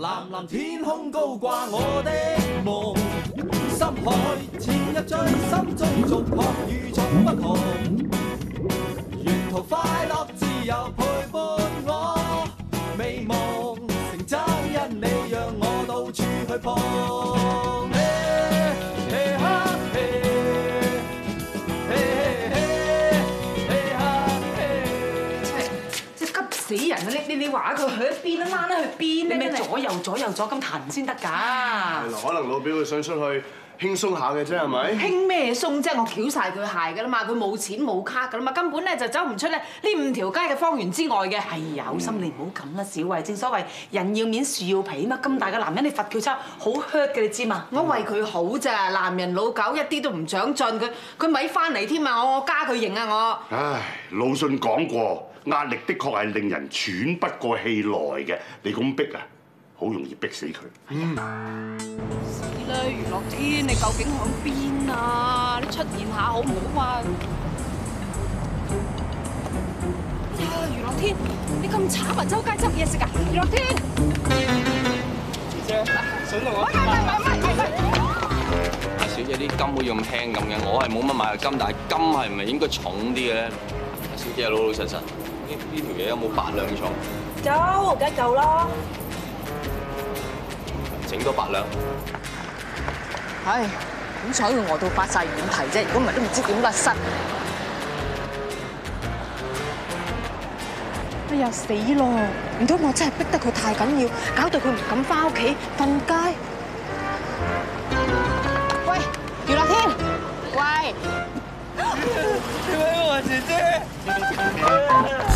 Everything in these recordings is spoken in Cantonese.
藍藍天空高掛我的夢，深海潛入追，心中逐夢與眾不同。沿途快樂自由陪伴我，美夢成真，因你讓我到處去碰。你你話佢去一邊啦，拉咧去邊咧？咩左右左右左咁彈先得㗎？係咯，可能老表佢想出去輕鬆下嘅啫，係咪？輕咩鬆啫？我撬晒佢鞋㗎啦嘛，佢冇錢冇卡㗎啦嘛，根本咧就走唔出咧呢五條街嘅方圓之外嘅。係有心你唔好咁啦，小慧，正所謂人要面樹要皮啊嘛，咁大嘅男人你罰佢差好 hurt 嘅，你知嘛？麼我為佢好咋，男人老狗一啲都唔長進，佢佢咪翻嚟添啊！我加他我加佢型啊我。唉，魯迅講過。壓力的確係令人喘不過氣來嘅，你咁逼啊，好容易逼死佢。係啊。死啦！娛樂天，你究竟響邊啊？你出現下好唔好啊？啊，娛樂天，你咁慘啊！周街執嘢食啊，娛樂天。小姐，選落我。喂喂喂喂喂！阿小姐，啲金好似咁輕咁嘅，我係冇乜買過金，但係金係唔係應該重啲嘅咧？阿小姐，老老實實。呢呢條嘢有冇八兩重？夠，梗係夠啦。整多八兩。唉，好彩佢餓到發曬軟蹄啫，如果唔係都唔知點甩身。哎呀死咯！唔通我真係逼得佢太緊要，搞到佢唔敢翻屋企瞓街。喂，余樂天。喂。你唔好意思。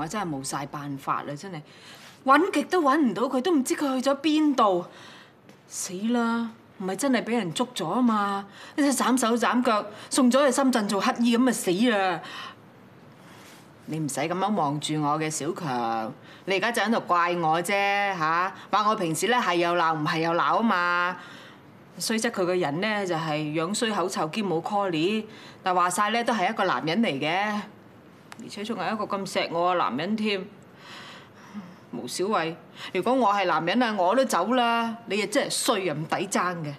我真係冇晒辦法啦，真係揾極都揾唔到佢，都唔知佢去咗邊度。死啦！唔係真係俾人捉咗啊嘛？一齊斬手斬腳，送咗去深圳做乞衣咁啊死啦！你唔使咁樣望住我嘅小強，你而家就喺度怪我啫吓，話我平時咧係又鬧唔係又鬧啊嘛。雖則佢個人咧就係樣衰口臭兼冇 call 你，但話晒咧都係一個男人嚟嘅。而且仲係一個咁錫我嘅男人添，毛小慧。如果我係男人啊，我都走啦。你啊真係衰啊，唔抵爭嘅。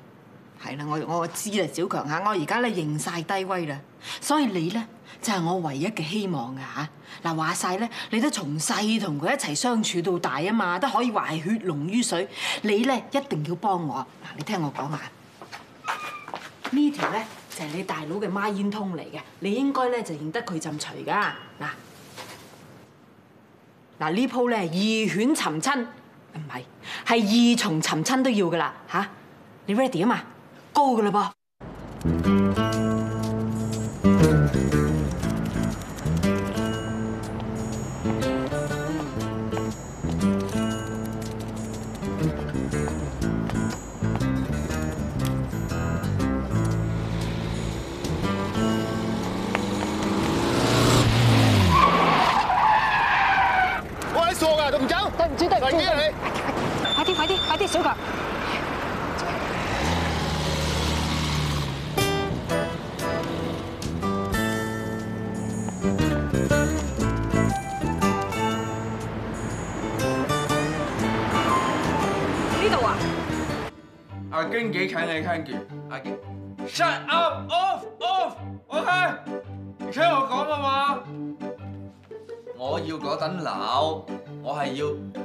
係啦，我我知啦，小強啊，我而家咧認晒低威啦。所以你咧就係、是、我唯一嘅希望㗎嚇。嗱話晒咧，你都從細同佢一齊相處到大啊嘛，都可以話係血濃於水。你咧一定要幫我。嗱，你聽我講啊，呢條呢條咧。係、就是，你大佬嘅孖煙通嚟嘅，你應該咧就認得佢陣除噶。嗱嗱，呢鋪咧，二犬尋親唔係，係二重尋親都要噶啦。吓，你 ready 啊嘛？高噶啦噃。唔知得，快啲！快啲！快啲！快啲！小強，呢度啊！阿經紀，請你聽住。阿經，Shut up off off，OK，、okay? 你聽我講啊嘛，我要嗰層樓，我係要。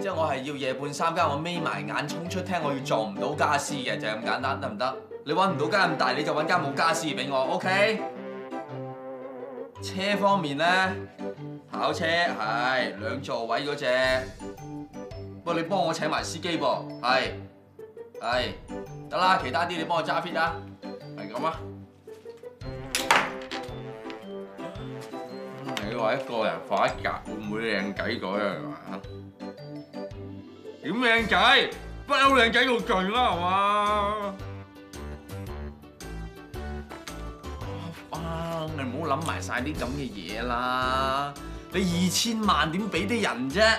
即係我係要夜半三更我眯埋眼衝出廳，我要撞唔到家私嘅就係咁簡單，得唔得？你搵唔到間咁大，你就搵間冇家私俾我，OK？車方面咧，跑車係兩座位嗰隻，不過你幫我請埋司機噃。係係得啦，其他啲你幫我揸 fit 啦，係咁啊！你話一個人放一格會唔會靚仔咗呀？點靚仔，不嬲好靚仔好勁啦，係嘛？啊，你唔好諗埋晒啲咁嘅嘢啦。你二千萬點俾啲人啫？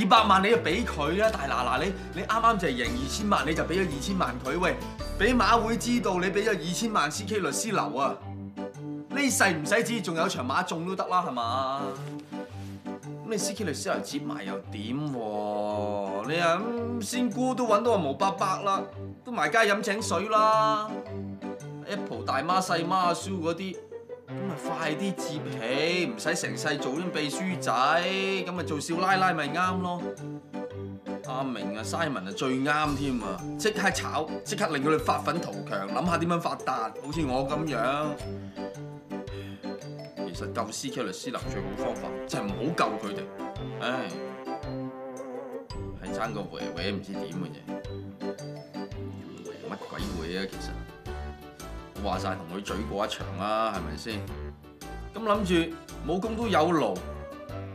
二百萬你就俾佢啦。大拿嗱，你你啱啱就係贏二千萬，你就俾咗二千萬佢喂。俾馬會知道你俾咗二千萬，CK 律師樓啊？呢世唔使知，仲有場馬中都得啦，係嘛？咁你司機律師嚟又接埋又點？你啊，仙姑都揾到阿毛伯伯啦，都埋街飲井水啦，Apple 大媽細媽阿蘇嗰啲，咁咪快啲接起，唔使成世做啲秘書仔，咁咪做少奶奶咪啱咯。阿明啊，Simon 啊，Simon 最啱添啊，即刻炒，即刻令佢哋發奮圖強，諗下點樣發達，好似我咁樣。實救司徒律師樓最好方法就係唔好救佢哋，唉，係爭個回會唔知點嘅啫，乜鬼會啊？其實我話晒同佢嘴過一場啦，啊，係咪先？咁諗住冇功都有勞，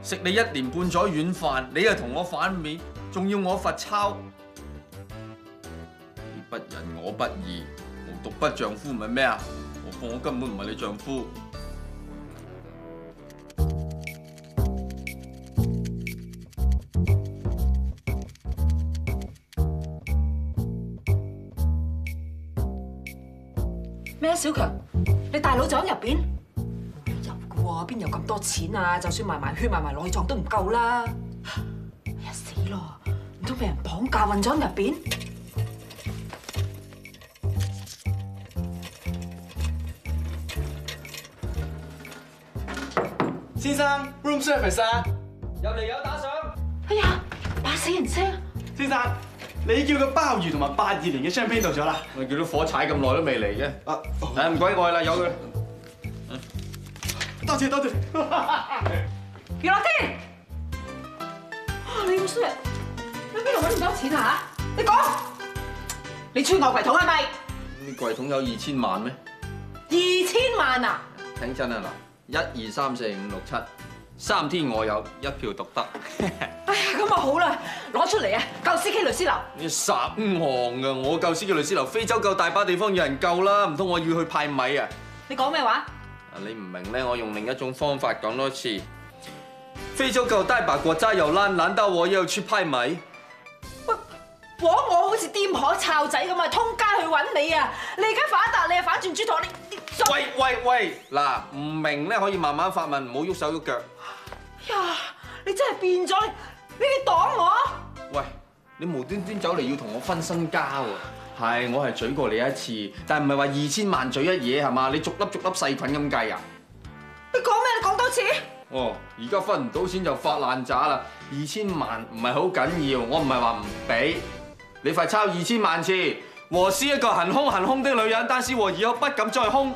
食你一年半載軟飯，你又同我反面，仲要我罰抄，你不仁我不義，無毒不丈夫唔係咩啊？何況我根本唔係你丈夫。小強，你大佬就喺入邊？唔入嘅喎，邊有咁多錢啊？就算賣埋血，賣埋內臟都唔夠啦！哎呀，死咯，唔通俾人綁架運咗入邊？先生，room service 啊，入嚟有打賞。哎呀，把死人聲。先生。你叫個鮑魚同埋八二年嘅 champagne 到咗啦，叫啲火柴咁耐都未嚟嘅。啊，唔該曬啦，有佢。嗯，多謝多謝。謝謝 娛樂天，啊，你唔衰，你邊度揾咁多錢啊？你講，你穿我櫃桶係咪？櫃桶有二千萬咩？二千萬啊！聽真啊嗱，一二三四五六七。三天我有一票獨得，哎呀咁啊好啦，攞出嚟啊！舊司機律師樓你十行啊！我舊司機律師樓，律師樓非洲夠大把地方有人救啦，唔通我要去派米啊？你講咩話？啊你唔明咧，我用另一種方法講多次。非洲夠大把國家有啦，難得我又要出派米？我我我好似癲婆湊仔咁啊，通街去揾你啊！你而家反彈，你係反轉豬頭，你，你喂喂喂嗱唔明咧，可以慢慢發問，唔好喐手喐腳。呀！你真係變咗，你你擋我？喂！你無端端走嚟，要同我分身家喎？係，我係嘴過你一次，但係唔係話二千萬嘴一嘢，係嘛？你逐粒逐粒細菌咁計啊！你講咩？你講多次？哦，而家分唔到錢就發爛渣啦！二千萬唔係好緊要，我唔係話唔俾，你快抄二千萬次！和施一個行兇行兇的女人，但是和以我不敢再兇。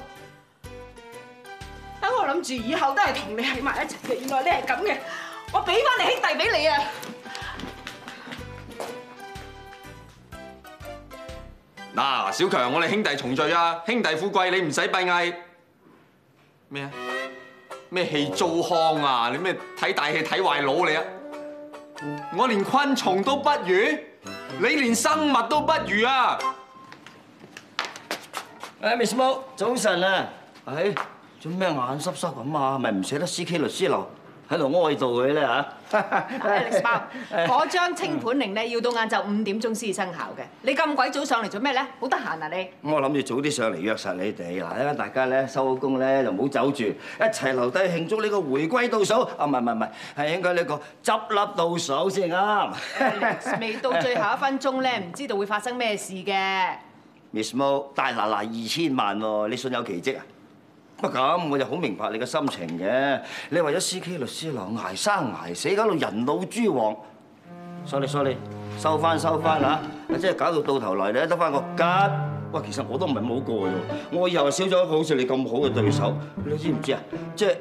我諗住以後都係同你喺埋一齊嘅，原來你係咁嘅，我俾翻你兄弟俾你啊！嗱，小強，我哋兄弟重聚啊，兄弟富貴，你唔使閉翳。咩啊？咩戲糟糠啊？你咩睇大戲睇壞腦你啊？我連昆蟲都不如，你連生物都不如啊！哎，Miss Mo，早晨啊！哎。做咩眼濕濕咁啊？咪唔捨得 C K 律師樓喺度哀悼佢咧，嚇 Alex 嗰張清盤令咧，要到晏晝五點鐘先生效嘅。你咁鬼早上嚟做咩咧？好得閒啊你？我諗住早啲上嚟約實你哋啊，因為大家咧，收好工咧，就唔好走住，一齊留低慶祝呢個回歸倒數。啊，唔係，唔係，唔係，係應該呢個執笠倒數先啱。未到最後一分鐘咧，唔知道會發生咩事嘅。Miss Mo 大拿拿二千萬喎，你信有奇蹟啊？不咁，我就好明白你嘅心情嘅。你為咗 C K 律師樓挨生挨死，搞到人老珠黃。Sorry，sorry，收翻收翻吓，即係搞到到頭嚟咧，得翻個吉。喂，其實我都唔係冇過嘅，我以後少咗一個像這麼好似你咁好嘅對手，你知唔知啊？即、係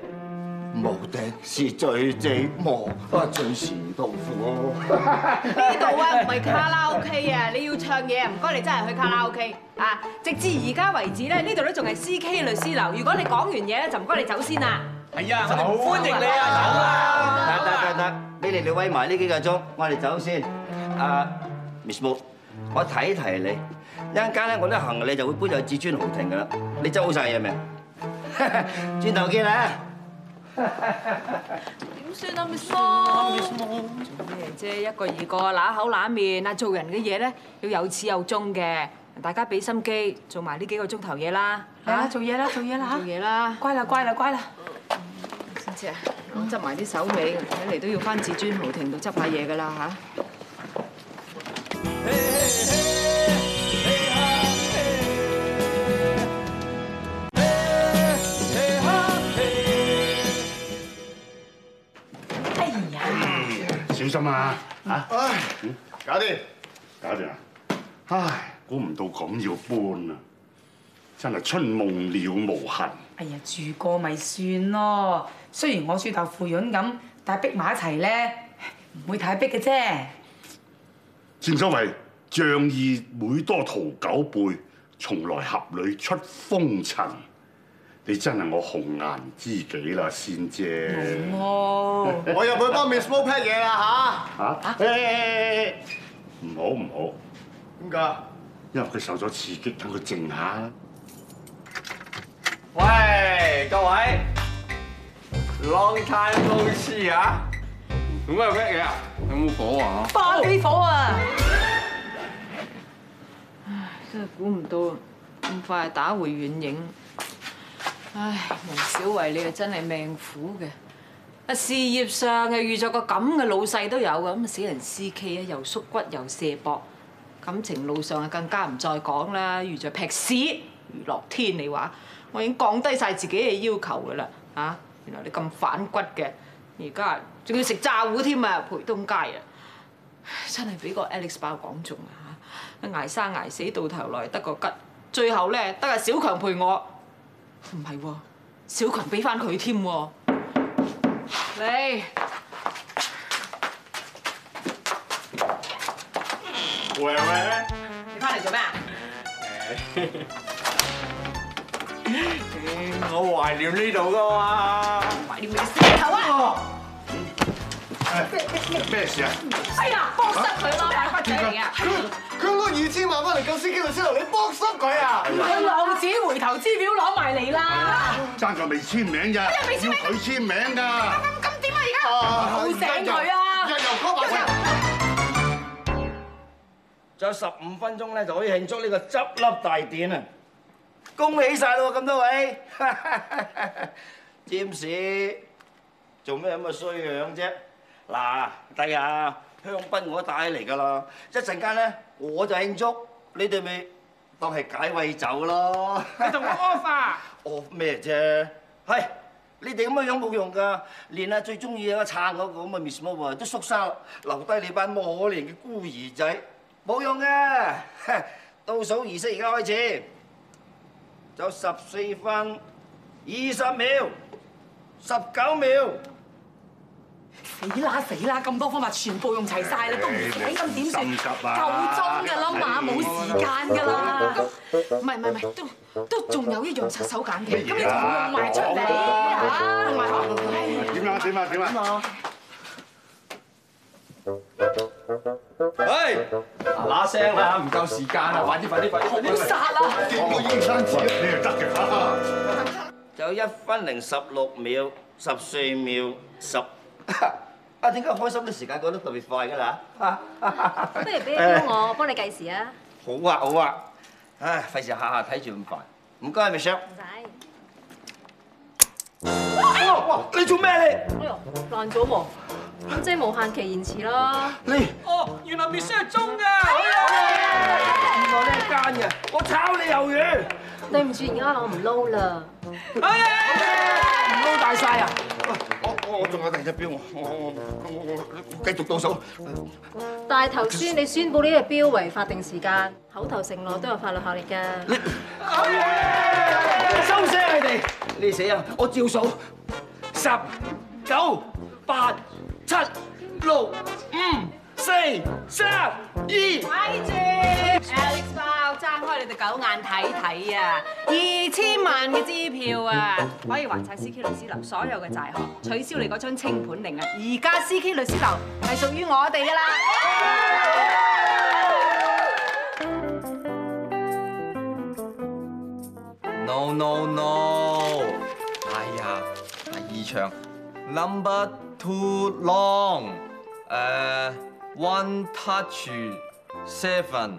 無敵是最寂寞，最是痛苦。呢度啊，唔係卡拉 OK 啊，你要唱嘢啊，唔該你真係去卡拉 OK 啊！直至而家為止咧，呢度都仲係 C K 律師樓。如果你講完嘢咧，就唔該你走先啦。係啊，歡迎你啊，走啦！得得得，俾你你威埋呢幾個鐘，我哋走先。啊，Miss Mo，我提一提你。一陣間咧，我啲行李，你就會搬入至尊豪庭噶啦。你執好曬嘢未啊？轉頭見啊！點算啊，咪梳！做咩啫？一個二個揦口揦面啊！做人嘅嘢咧，要有始有終嘅。大家俾心機做埋呢幾個鐘頭嘢啦，嚇！做嘢啦，做嘢啦，做嘢啦！乖啦，乖啦，乖啦！小姐啊，我執埋啲手尾，睇嚟都要翻至尊豪庭度執下嘢噶啦，嚇！小心啊！嚇、啊，唉，搞掂，搞掂啊！唉，估唔到咁要搬啊！真係春夢了無痕。哎呀，住過咪算咯。雖然我住豆腐膶咁，但係逼埋一齊咧，唔會太逼嘅啫。正所謂，仗義每多屠狗輩，從來俠女出風塵。你真係我紅顏知己啦，仙姐。嗯、我入去幫 Miss Paul pack 嘢啦吓？吓、啊？唔好唔好。點解？因為佢受咗刺激，等佢靜，靜下。喂，各位，Long time no see 啊！做咩有咩嘢啊？有冇火，火啊？發飛火啊！唉，真係估唔到咁快打回原形。唉，毛小慧你啊真係命苦嘅，啊事業上啊遇著個咁嘅老細都有嘅，咁啊死人 C K 啊又縮骨又卸膊，感情路上啊更加唔再講啦，遇著劈屎，余樂天你話，我已經降低晒自己嘅要求噶啦，啊，原來你咁反骨嘅，而家仲要食炸糊添啊，陪東街啊，真係俾個 Alex 把我講中啊，挨生挨死到頭來得個吉，最後咧得個小強陪我。唔係喎，小強俾翻佢添喎。你餵咩？你翻嚟做咩啊？我懷念呢度噶嘛，懷念你死頭啊？咩事啊？哎呀，幫塞佢仔嚟啊！佢攞二千萬翻嚟救司機老司徒，你幫塞佢啊！佢浪子回頭資料攞埋嚟啦，爭咗未簽名咋？啫 ont read。要佢簽名㗎！咁點啊？而家好醒佢啊！日又急，仲有十五分鐘咧，就可以慶祝呢個執笠大典啊！恭喜晒咯，咁多位！占士，做咩咁嘅衰樣啫？嗱，第日香檳我帶嚟噶啦，一陣間咧我就慶祝你哋咪當係解胃酒咯。你同我 offer 哦，咩啫？係你哋咁嘅樣冇用噶，連阿最中意阿撐咁嘅 miss 乜都縮晒，留低你班冇可憐嘅孤兒仔，冇用噶。倒數儀式而家開始，走十四分二十秒，十九秒。死啦死啦！咁多方法全部用齊曬啦，都唔抵咁點算？夠鍾㗎啦嘛，冇時間㗎啦！唔係唔係唔係，都都仲有一樣殺手鐧嘅，今日唔用埋出嚟嚇。點啊點啊點啊！哎，嗱嗱聲啦，唔夠時間啦，快啲快啲快啲！你要殺啦！幾個已經條得嘅嚇，就一分零十六秒，十四秒十。點解開心嘅時間過得特別快㗎啦？不如俾阿哥我幫你計時啊！好啊好啊，唉，費事下下睇住咁煩，唔該你 Michelle。唔使。哇哇！你做咩你？哎呦，爛咗，咁即係無限期延遲咯。你哦，原來 Michelle 係鐘㗎。好啊好啊。原來你係奸嘅，我炒你魷魚。對唔住，而家我唔撈啦。好啊好，唔撈大晒啊！我我仲有第二隻標，我我我我繼續倒數。但係頭先你宣布呢個標為法定時間，口頭承諾都有法律效力㗎。收聲你哋！你哋死呀！我照數：十、九、八、七、六、五、四、三、二。睇住。開你哋狗眼睇睇啊！二千萬嘅支票啊，可以還晒 C K 律師樓所有嘅債項，取消你嗰張清盤令啊！而家 C K 律師樓係屬於我哋噶啦！No no no！哎呀，第二場 number two long，誒，one touch seven。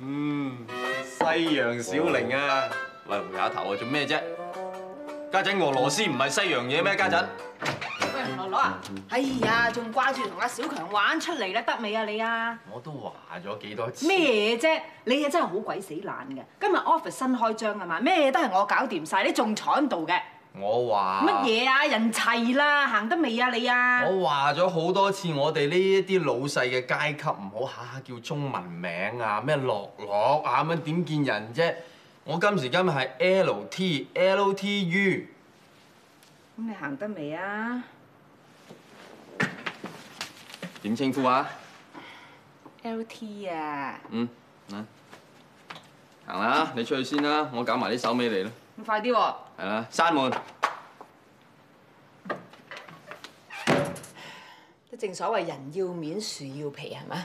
嗯，西洋小玲啊，喂胡阿頭啊，做咩啫？家陣俄羅斯唔係西洋嘢咩？家陣，喂羅羅啊，哎呀，仲掛住同阿小強玩出嚟啦，得未啊你啊？我都話咗幾多次咩啫？你啊真係好鬼死懶嘅，今日 office 新開張啊嘛，咩都係我搞掂晒，你仲坐喺度嘅？我話乜嘢啊？人齊啦，行得未啊？你啊？我話咗好多次，我哋呢一啲老細嘅階級唔好下下叫中文名啊，咩樂樂啊咁樣點見人啫？我今時今日係 L T L T U。咁你行得未啊？點稱呼啊？L T 啊。嗯。行啦，你出去先啦，我搞埋啲手尾嚟啦。咁快啲喎！係啦、啊，閂門。正所謂人要面，樹要皮，係嘛？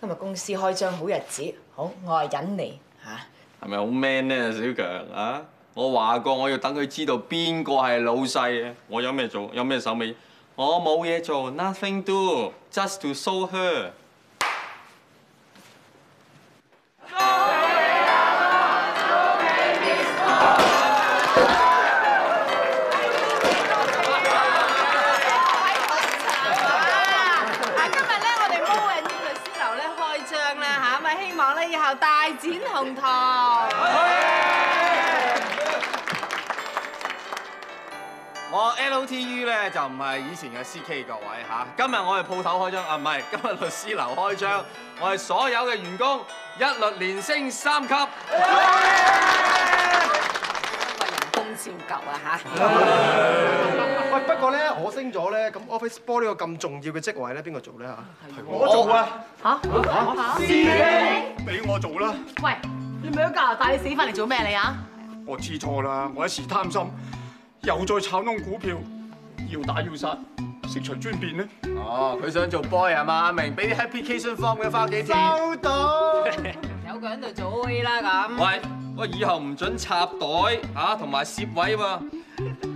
今日公司開張好日子，好我係忍你嚇。係咪好 man 咧，小強啊？我話過我要等佢知道邊個係老細嘅，我有咩做，有咩手尾。我冇嘢做，nothing do，just to show her。大展宏圖！我 LOTU 呢就唔係以前嘅 CK 各位嚇，今日我哋鋪頭開張啊，唔係，今日律師樓開張，我係所有嘅員工一律連升三級。今日人工照舊啊嚇！不過咧，我升咗咧，咁 office boy 呢個咁重要嘅職位咧，邊個做咧嚇？我做啊！嚇嚇司機，俾我做啦！喂，你咪喺加拿大死翻嚟做咩你啊？我知錯啦，我一時貪心，又再炒弄股票，要打要殺，悉隨尊便咧。哦，佢想做 boy 啊嘛，明俾啲 happy kitchen form 嘅返屋企。收到，有個人度做 A 啦咁。喂，我以後唔準插袋嚇，同埋攝位喎。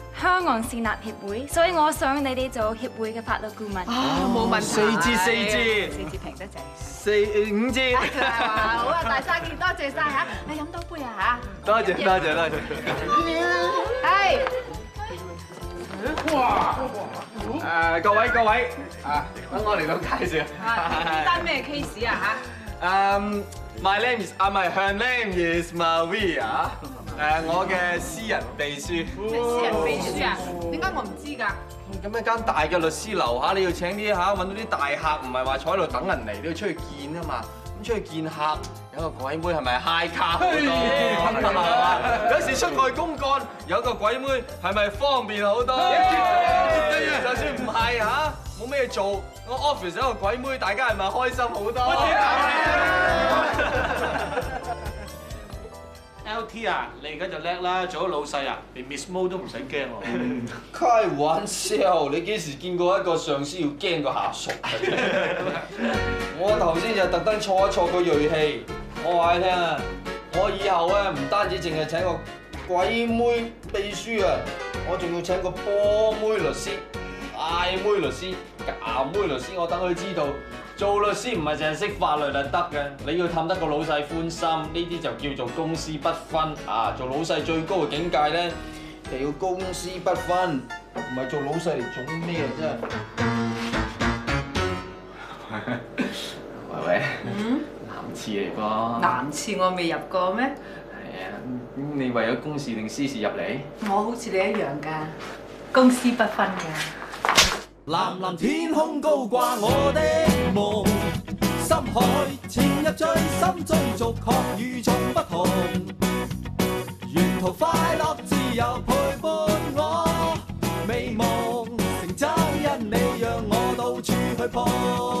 香港善立協會，所以我想你哋做協會嘅法律顧問。冇問題，四支，四支，四支平得滯，四五支係咪，好啊，大生意，多謝晒。嚇，你飲多杯啊嚇。多謝多謝多謝。係。哇！誒各位各位啊，等我嚟到介紹。呢單咩 case 啊嚇？誒，my name is Amy, her name is Maria。誒，我嘅私人秘書。咩私人秘書啊？點解我唔知㗎？咁一間大嘅律師樓下，你要請啲嚇，揾到啲大客，唔係話坐喺度等人嚟都要出去見啊嘛。咁出去見客，有個鬼妹係咪 high 卡好多？吧吧有時出外公幹，有個鬼妹係咪方便好多？就算唔係嚇，冇咩做，我 office 有個鬼妹，大家係咪開心好多？吧吧 LT 啊，你而家就叻啦，做咗老細啊，連 Miss Mo 都唔使驚喎。開玩笑，你幾時見過一個上司要驚個下屬？我頭先就特登挫一挫個鋭氣。我話你聽啊，我以後啊，唔單止淨係請個鬼妹秘書啊，我仲要請個波妹律師。大、哎、妹律師、夾妹律師，我等佢知道做律師唔係淨係識法律就得嘅，你要氹得個老細歡心，呢啲就叫做公私不分啊！做老細最高嘅境界咧，就要公私不分，唔係做老細嚟做咩啫？真係，喂喂嗯，男廁嚟噃？男廁我未入過咩？係啊，你為咗公事定私事入嚟？我好似你一樣噶，公私不分噶。藍藍天空高掛我的夢，深海潛入最深追逐，確與眾不同。沿途快樂自由陪伴我美夢，未忘成真因你讓我到處去碰。